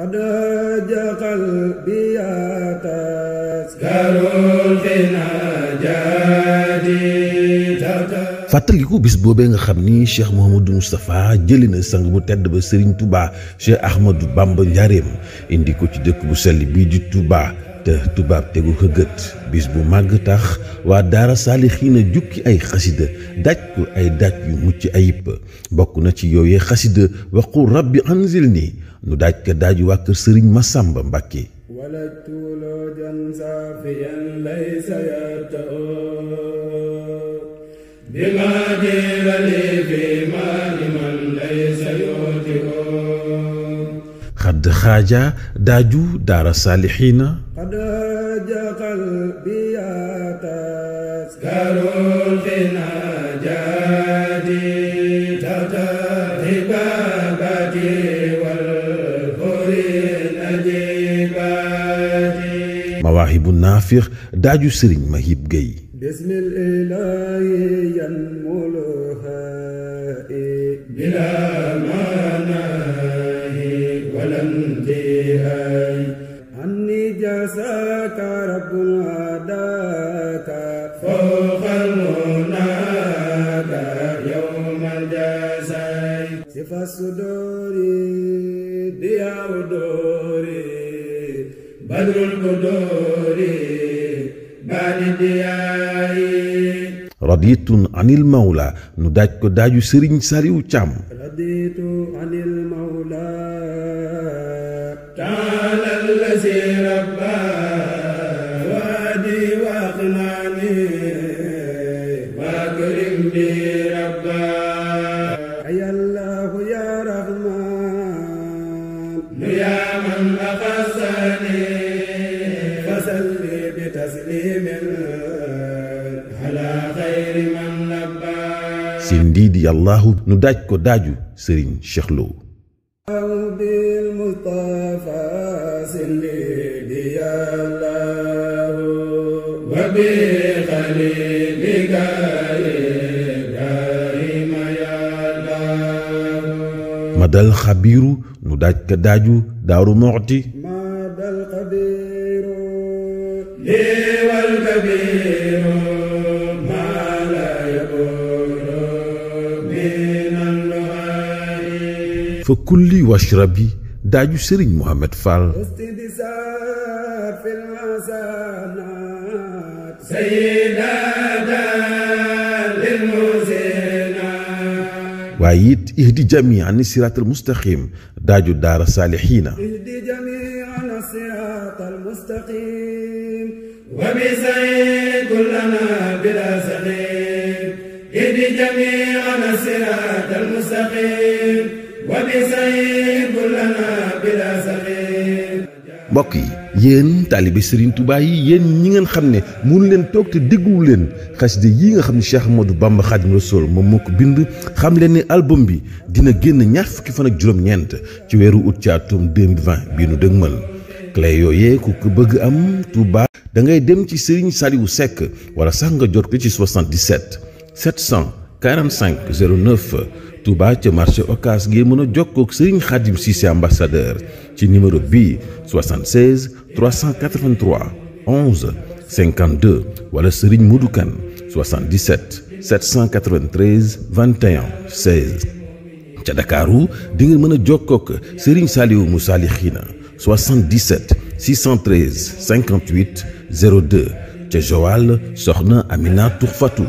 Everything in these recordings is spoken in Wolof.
قد جاء قلبي تذكر الفنا fàttaliku bis boobee nga xam ni Cheikh Mouhamadou Moustapha jëli na sang bu tedd ba Serigne Touba Cheikh Ahmadou Bamba Ndiarème indi ko ci dëkk bu sell bii di Touba. te tubaab tegu ko bis bu màgg tax waa daara saalixiina jukki ay xasida daaj ko ay daaj yu mucc ayib bokk na ci yooyee xasida waqul rabbi anzil ni nu daj ko daaj waa kër sëriñ Masamba Mbàkke bi خد خاجة داجو دار صالحين قد هاج قلبي تسكر أجيباتي مواهب النافخ داجو سرين مهيب جاي بسم الإله ينمو بلا hai jasa ka rabbul adata fa khalmuna sifasudori diawdori badrul kudori bani diai raditun anil mawla nu daaj ko daaju sëriñ sariw càmm raditu anil mawla سيندي الله نداج كو داجو سرين شخلو مدال الخبير نداج كداجو دارو مغتي مدال الخبير fa kulli washrabi daaju sëriñ Mohamed Fall وعيد اهدي جميعا الصراط المستقيم داجو دار الصالحين اهدي جميعا الصراط المستقيم وبزي كلنا بلا اهدي جميعا الصراط المستقيم وبزي كلنا بلا سقيم mbokk yi yéen taalibe Serigne tubaay yi yéen ñi ngeen xam ne mënu leen toog te dégguwu leen xasida yi nga xam ne Cheikh Ahmadou Bamba Khadim Rasoul moom moo ko bind xam leen ne album bi dina génn ñaar fukki fan ak juróom-ñeent ci weeru août ci atum 2020 bii nu dëgmal clé yooyee ku ko bëgg am Touba da ngay dem ci Serigne Saliou Seck wala sax nga jot ko ci 77 700 45 09 Touba ca marché Ocass ngir mëna ak Serigne Khadim Cissé ambassadeur ci numéro B 76 383 11 52 wala Serigne Modou 77 793 21 16. ci Dakarou, di nga mëna Serigne Saliou Moussa 77 613 58 02 ci Joal soxna Amina Tourfatou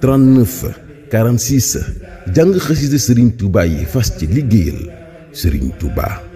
39 46 jàng xasida Serigne Touba yi fas ci liggéeyal Serigne Touba.